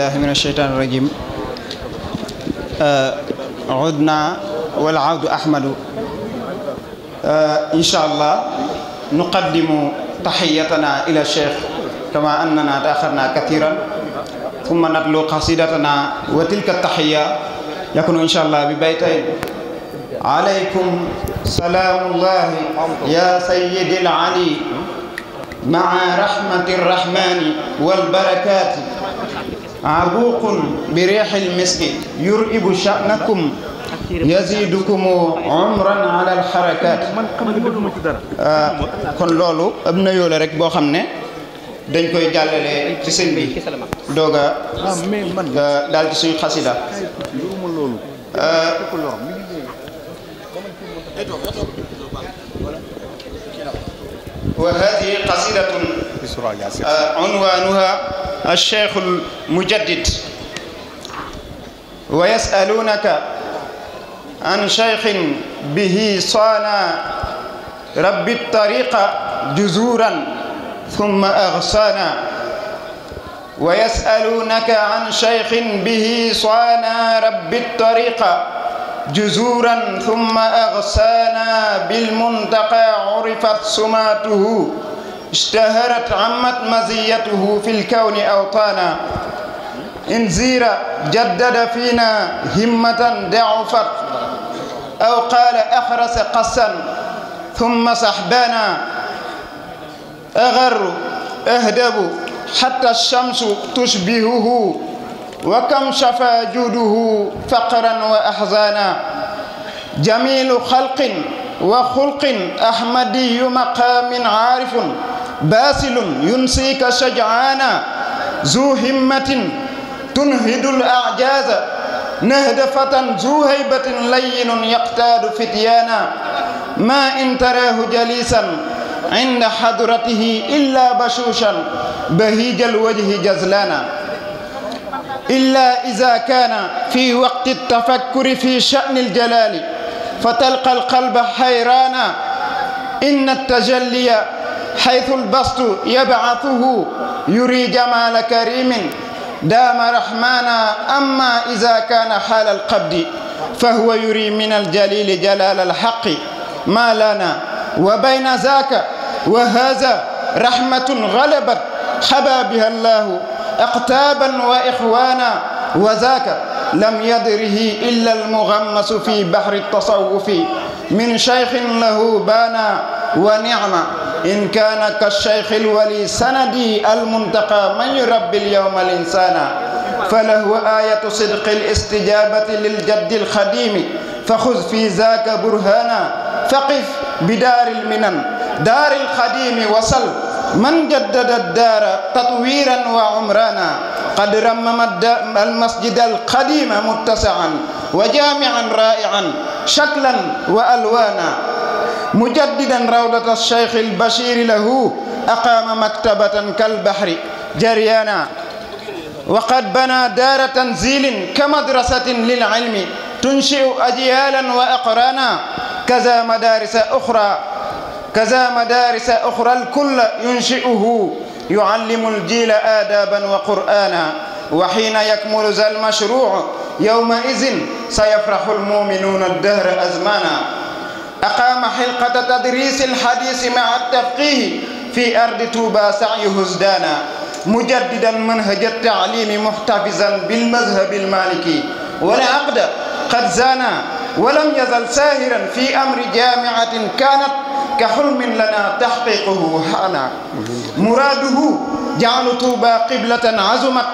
بالله من الشيطان الرجيم عدنا والعود أحمد إن شاء الله نقدم تحيتنا إلى الشيخ كما أننا تأخرنا كثيرا ثم نتلو قصيدتنا وتلك التحية يكون إن شاء الله ببيتين عليكم سلام الله يا سيد العلي مع رحمة الرحمن والبركات abuqun bi riixil miski yuribu sha'nakum yazidukum umran ala alxarakat kon loolu ab nuyoo la rek boo xam ne dañ koy jàllale ci sëñ bi doog a euh, daal ci suñ xasida euh, wa hadihi qasidatun euh, unwanuha الشيخ المجدد ويسألونك عن شيخ به صانى رب الطريق جزورا ثم أغصانا ويسألونك عن شيخ به صانى رب الطريق جزورا ثم أغصانا بالمنتقى عرفت سماته اشتهرت عمت مزيته في الكون أوطانا إن زير جدد فينا همة ضعفت أو قال أخرس قصا ثم صحبانا أغر أهدب حتى الشمس تشبهه وكم شفى جوده فقرا وأحزانا جميل خلق وخلق أحمدي مقام عارف baasilun yunsika shajaana zu himmatin tunhidul ajaza nahda fatan zu haybatin layyinun yaqtaadu fityaana ma in taraahu jalisan inda hadratihi illa bashushan bahijal wajhi jazlana illa iza kana fi waqti tafakkuri fi sha'ni aljalali fatalqa alqalba hayrana inna tajalliya حيث البسط يبعثه يري جمال كريم دام رحمانا أما إذا كان حال القبض فهو يري من الجليل جلال الحق ما لنا وبين ذاك وهذا رحمة غلبت خبا بها الله أقتابا وإخوانا وذاك لم يدره إلا المغمس في بحر التصوف من شيخ له بانا ونعم إن كان كالشيخ الولي سندي المنتقى من يربي اليوم الإنسان فلهو آية صدق الاستجابة للجد الخديم فخذ في ذاك برهانا فقف بدار المنن دار الخديم وصل من جدد الدار تطويرا وعمرانا قد رمم المسجد القديم متسعا وجامعا رائعا شكلا وألوانا مجددا روضة الشيخ البشير له أقام مكتبة كالبحر جريانا وقد بنى دار تنزيل كمدرسة للعلم تنشئ أجيالا وأقرانا كذا مدارس أخرى كذا مدارس أخرى الكل ينشئه يعلم الجيل آدابا وقرآنا وحين يكمل ذا المشروع يومئذ سيفرح المؤمنون الدهر أزمانا أقام حلقة تدريس الحديث مع التفقيه في أرض طوبى سعيه ازدانا مجددا منهج التعليم محتفظا بالمذهب المالكي ولا عقد قد زانا ولم يزل ساهرا في أمر جامعة كانت كحلم لنا تحقيقه حانا مراده جعل طوبى قبلة عزمت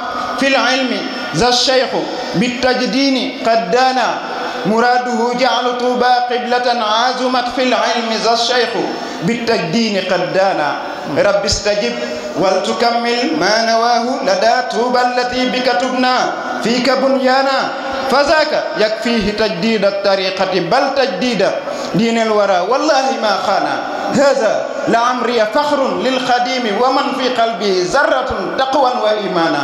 في العلم ذا الشيخ بالتجدين قد دانا muraaduhu jaalu tuubaa qiblatan azumat fi lilmi za cheikhu bittajdiini qad daana rabbi stajib wal tukammil maa nawaahu ladaa tuuba allati bika tubnaa fiika bunyaana fazaaka yakfiihi tajdiida tariqati bal tajdiida diinil waraa wallaahi maa xaana haazaa la amriya faxrun lil xadiimi wa man fi qalbihi zarratun taqwan wa iimaana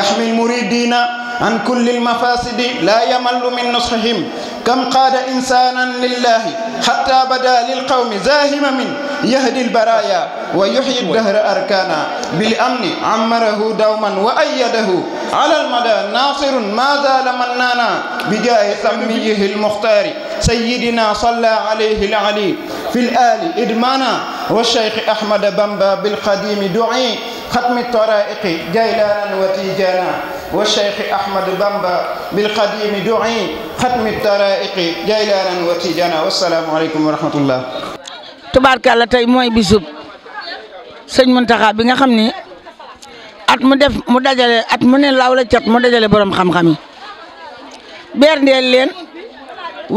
yaxmil muriidiina عن كل المفاسد لا يمل من نصحهم كم قاد إنسانا لله حتى بدا للقوم زاهما من يهدي البرايا ويحيي الدهر أركانا بالأمن عمره دوما وأيده على المدى ناصر ما زال منانا بجاه سميه المختار سيدنا صلى عليه العلي في الآل إدمانا والشيخ أحمد بمبا بالقديم دعي ختم الطرائق جيلانا وتيجانا والشيخ أحمد بامبا بالقديم دعي ختم الطرائق جيلانا وتيجانا wa عليكم ورحمة الله تبارك الله تاي موي بيسوب سيغ منتخا بيغا خامني at mu def mu dajale at mu ne laaw la mu dajale borom xam-xam yi leen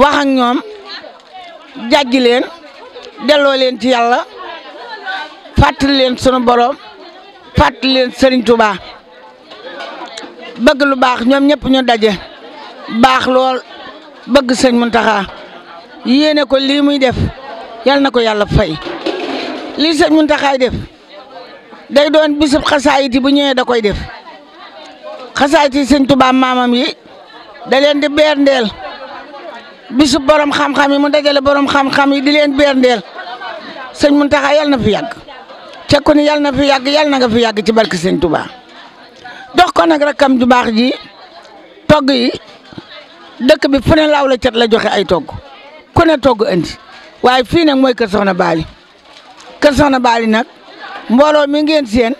wax ak ñoom jàjji leen delloo leen ci yàlla fàttali leen sunu borom fàttali leen sëriñ Touba. bëgg lu baax ñoom ñëpp ñu daje baax lool bëgg sëñ Muntaxa yéene ko lii muy def yal na ko yàlla fay lii sëñ Muntaxaay def day doon bisub xasaayit yi bu ñëwee da koy def xasaayit yi sëñ Tuubaa maamam yi da leen di berndeel bisub borom xam-xam yi mu dajale borom xam-xam yi di leen berndeel sëñ Muntaxa yal na fi yàgg te ku ne yal na fi yàgg yal na nga fi yàgg ci barke sëñ Tuubaa jox ko nag rakam ju baax ji togg yi dëkk bi fu ne laaw la cat la joxe ay togg ku ne togg andi waaye fii nag mooy kër Soxna Baali kër Soxna Baali nag mbooloo mi ngeen seen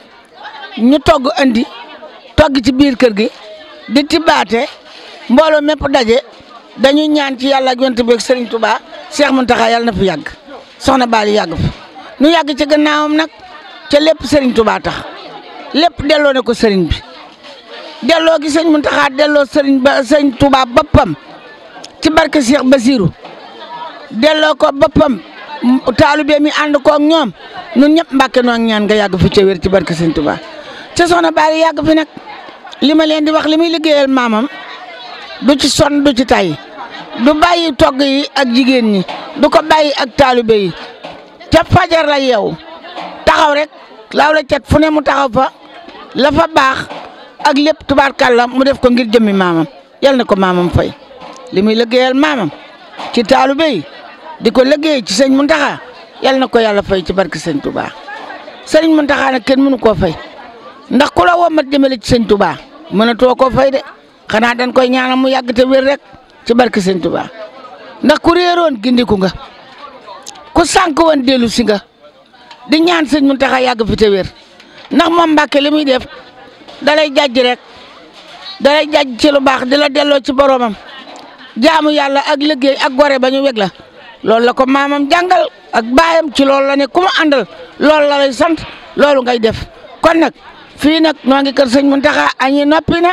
ñu togg andi togg ci biir kër gi di tibbaate mbooloo mépp daje dañuy ñaan ci yàlla ak yonent bi sëriñ tubaa Touba Cheikh Mountakha yàlla na fi yàgg Soxna Baali yàgg fi ñu yàgg ci gannaawam nag ca lépp sëriñ tubaa tax lépp delloo ne ko Serigne bi. delloo gi sëñ Muntaxa delloo sëriñ ba sëñ Touba boppam ci barke Cheikh Basirou delloo ko boppam taalibe mi ànd ko ak ñoom ñun ñëpp Mbàkke noo ñaan nga yàgg fi ca wér ci barke sëñ Touba ca soxna Bally yàgg fi nag li ma leen di wax li muy liggéeyal maamam du ci son du ci tay du bàyyi togg yi ak jigéen ñi du ko bàyyi ak taalibe yi ca fajar la yeew taxaw rek laaw la cet fu ne mu taxaw fa la fa baax ak lépp tubaarkàlla mu def ko ngir jëmmi maamam yal na ko maamam fay li muy liggéeyal maamam ci taalibe yi di ko liggéey ci sëñ Muntaxa yal na ko yàlla fay ci barke sëñ Touba sëñ Muntaxa nag kenn mënu koo fay ndax ku la wommat jëmale ci sëñ Touba mënatoo koo fay de xanaa dañ koy ñaanal mu yàgg te wér rek ci barke sëñ Touba ndax ku réeroon ku nga ku sànq woon dellu si nga di ñaan sëñ Muntaxa yàgg fi te wér ndax moom Mbàkke li muy def. dalay jajj rek dalay jajj ci lu baax di la delloo ci boromam jaamu yàlla ak liggéey ak gore ba ñu weg la loolu la ko maamam jàngal ak baayam ci loolu la ne ku mu àndal loolu la lay sant loolu ngay def kon nag fii nag ñoo ngi kër sëñ Mountakha añi noppi na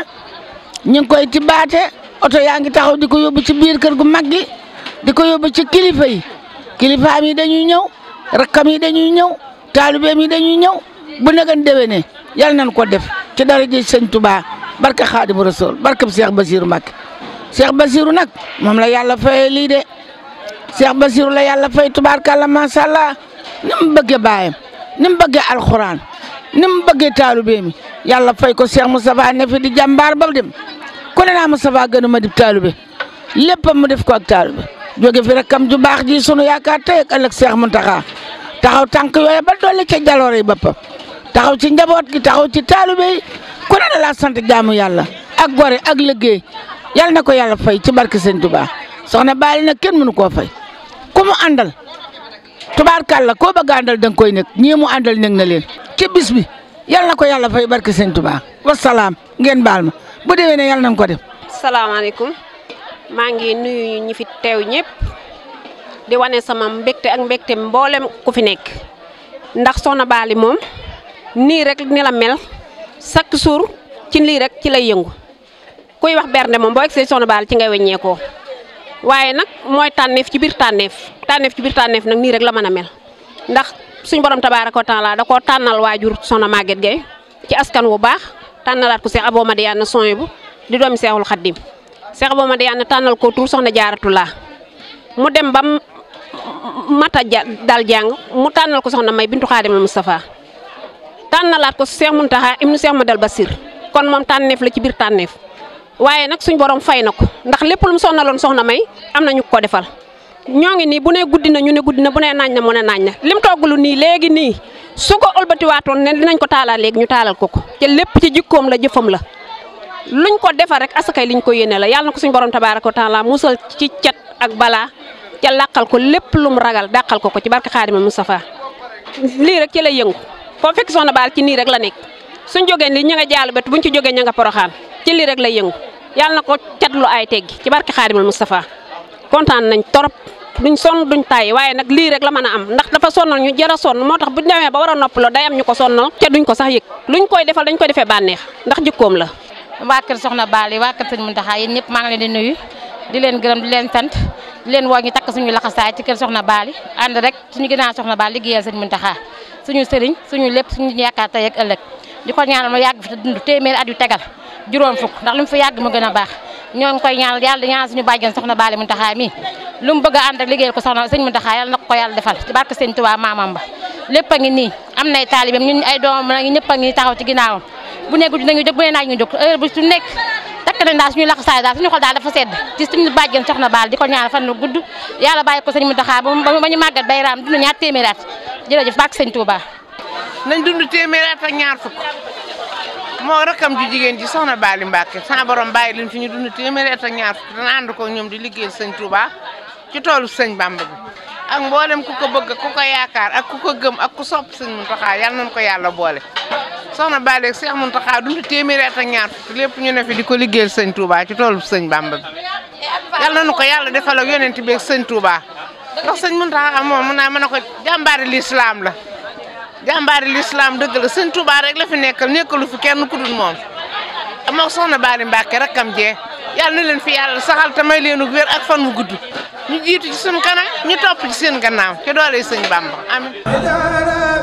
ñu ngi koy tibbaate oto yaa ngi taxaw di ko yóbbu ci biir kër gu mag gi di ko yóbbu ci kilifa yi kilifaam yi dañuy ñëw rakkam yi dañuy ñëw taalubeem yi dañuy ñëw bu nagan ne yàlla nañ ko def ci dara ji sëñ Touba barka Xaadimu Rasuul barkab Cheikh Basirou Mbacké Cheikh Basirou nag moom la yàlla fayee lii de Cheikh Basirou la yàlla fay tubaar macha allah ni mu bëggee baayam ni mu bëgge alxuraan ni mu bëggee taalubéem yi yàlla fay ko Cheikh mu ne fi di jàmbaar ba dem ku naa Moustapha gënu ma di taalubé léppam mu def ko ak taalubé jóge fi rakkam ju baax ji sunu yaakaar tey ak ëllëg Cheikh Mountakha taxaw tànk yooya ba dolli ca jaloore yi boppam taxaw ci njaboot gi taxaw ci taalibe yi ku ne la sant jaamu yàlla ak gore ak liggéey yal na ko yàlla fay ci barke sëñ Tuubaa soxna Baali na kenn mënu koo fay ku mu àndal tubaar koo bëgg a àndal da koy nekk ñii mu àndal nekk na leen ci bis bi yàlla na ko yàlla fay barke sëñ Tuubaa wasalaam ngeen baal ma bu déwénee yàlla nañ ko def. salaamaaleykum maa ngi nuyu ñi fi teew ñëpp di wane sama mbégte ak mbégte mboolem ku fi nekk ndax soxna Baali nii rek ni la mel chaque jour ci lii rek ci lay yëngu kuy wax bernde moom boo egsee soxna baal ci ngay weññeekoo waaye nag mooy tànneef ci biir tànneef tànneef ci biir tànneef nag nii rek la mën a mel ndax suñ borom tabaaraka wa taala da koo tànnal waajur soxna Maguette Gueye ci askan wu baax tànnalaat ko Seex Abo Madiyana soñ bu di doomi Seexul Xaddim Seex Abo Madiyana tànnal ko tur soxna jaaratu laa mu dem ba mata daal jàng mu tànnal ko soxna may bintu Xaadimal tànnalaat ko Cheikh Mountakha ibnu Cheikh dal Basir kon moom tànneef la ci biir tànneef waaye nag suñ borom fay na ko ndax lépp lu mu sonnaloon soxna May am na ñu ko defal. ñoo ngi nii bu nee guddi na ñu ne guddi na bu nee naañ na mu ne naañ na lim toggalu nii léegi nii su ko ëlbatiwaatoon ne dinañ ko taalaat léegi ñu taalal ko ko te lépp ci jikkoom la jëfam la. luñ ko defal rek asakay liñ ko yéene la yàlla na ko suñu borom tabaaraka wa taala musal ci cat ak balaa ca làqal ko lépp lu mu ragal dàqal ko ko ci barke Xaadima Mustafa lii rek ci lay yëngu. foo fekk soxna baal ci nii rek la nekk suñ jógee nii ñu nga jaalu bet buñ ci jógee ñu nga poroxaan ci lii rek la yëngu yàlla na ko catlu ay teggi ci barke xaadimul Moustapha kontaan nañ torop duñ sonn duñ tàyyi waaye nag lii rek la mën a am ndax dafa sonnal ñu jar a sonn moo tax bu demee ba war a noppaloo day am ñu ko sonnal te duñ ko sax yëg luñ koy defal dañ koy defee bànneex ndax jikkoom la waa kër soxna baal yi waa kër sëñ Muntaxa yéen ñëpp maa ngi leen di nuyu di leen gërëm di leen sant di leen woo ñu takk suñu ci kër soxna baal yi ànd rek suñu ginnaaw soxna baal liggéeyal sëñ Muntaxa suñu sëriñ suñu lépp suñu yaakaar tey ak ëllëg di ko ñaanal mu yàgg fi dund téeméer at yu tegal fukk ndax lu mu fi yàgg gën a baax ñoo ngi koy ñaanal yàlla di ñaanal suñu bàjjen soxna a ànd ak liggéeyal ko na ko yàlla defal ci barke sëñ Tuubaa maamam ba lépp a ngi nii am nay taalibeem ñun ay doomam nag a ngi taxaw ci ginnaawam bu nekk ju nañu jóg bu ne naaj ñu jóg heure bu su nekk takk nañ daal suñu laxasaay daal suñu xol daal dafa fan lu gudd yàlla bàyyi ko sëñ Muntaxa ba ñu màggat bayraam dund ñaar téeméer jërëjëf bàkk sëñ Touba. nañ dund téeméer a ak ñaar fuk moo rakam ju jigéen ji soxna Bali Mbacke sa borom bàyyi leen fi ñu dund téeméer ta ak ñaar fukk dana ànd ko ñoom di liggéeyal sëñ Touba ci toolu sëñ Bamba bi ak mboolem ku ko bëgg ku ko yaakaar aku ko gëm ak ku sopp sëñ Mountakha yal nañ ko yàlla boole. soxna Bali ak Cheikh Mountakha dund téeméer at ak ñaar fukk lépp ñu ne fi di ko liggéeyal sëñ Touba ci toolu sëñ Bamba bi yal nañu ko yàlla defal ak yonent bi ak sëñ Touba. ndax sëñ a moom mun naa mën a ko jàmbaari lislaam la jàmbaari lislaam dëgg la sëñ Touba rek la fi nekkal nekkalu fi kenn ku dul moom amoo soxna Bali Mbacke rakkam jee yàlla na leen fi yàlla saxal te may leen wér ak fan wu gudd ñu jiitu ci suñu kanam ñu topp ci seen gannaaw ci doole sëñ Bamba amiin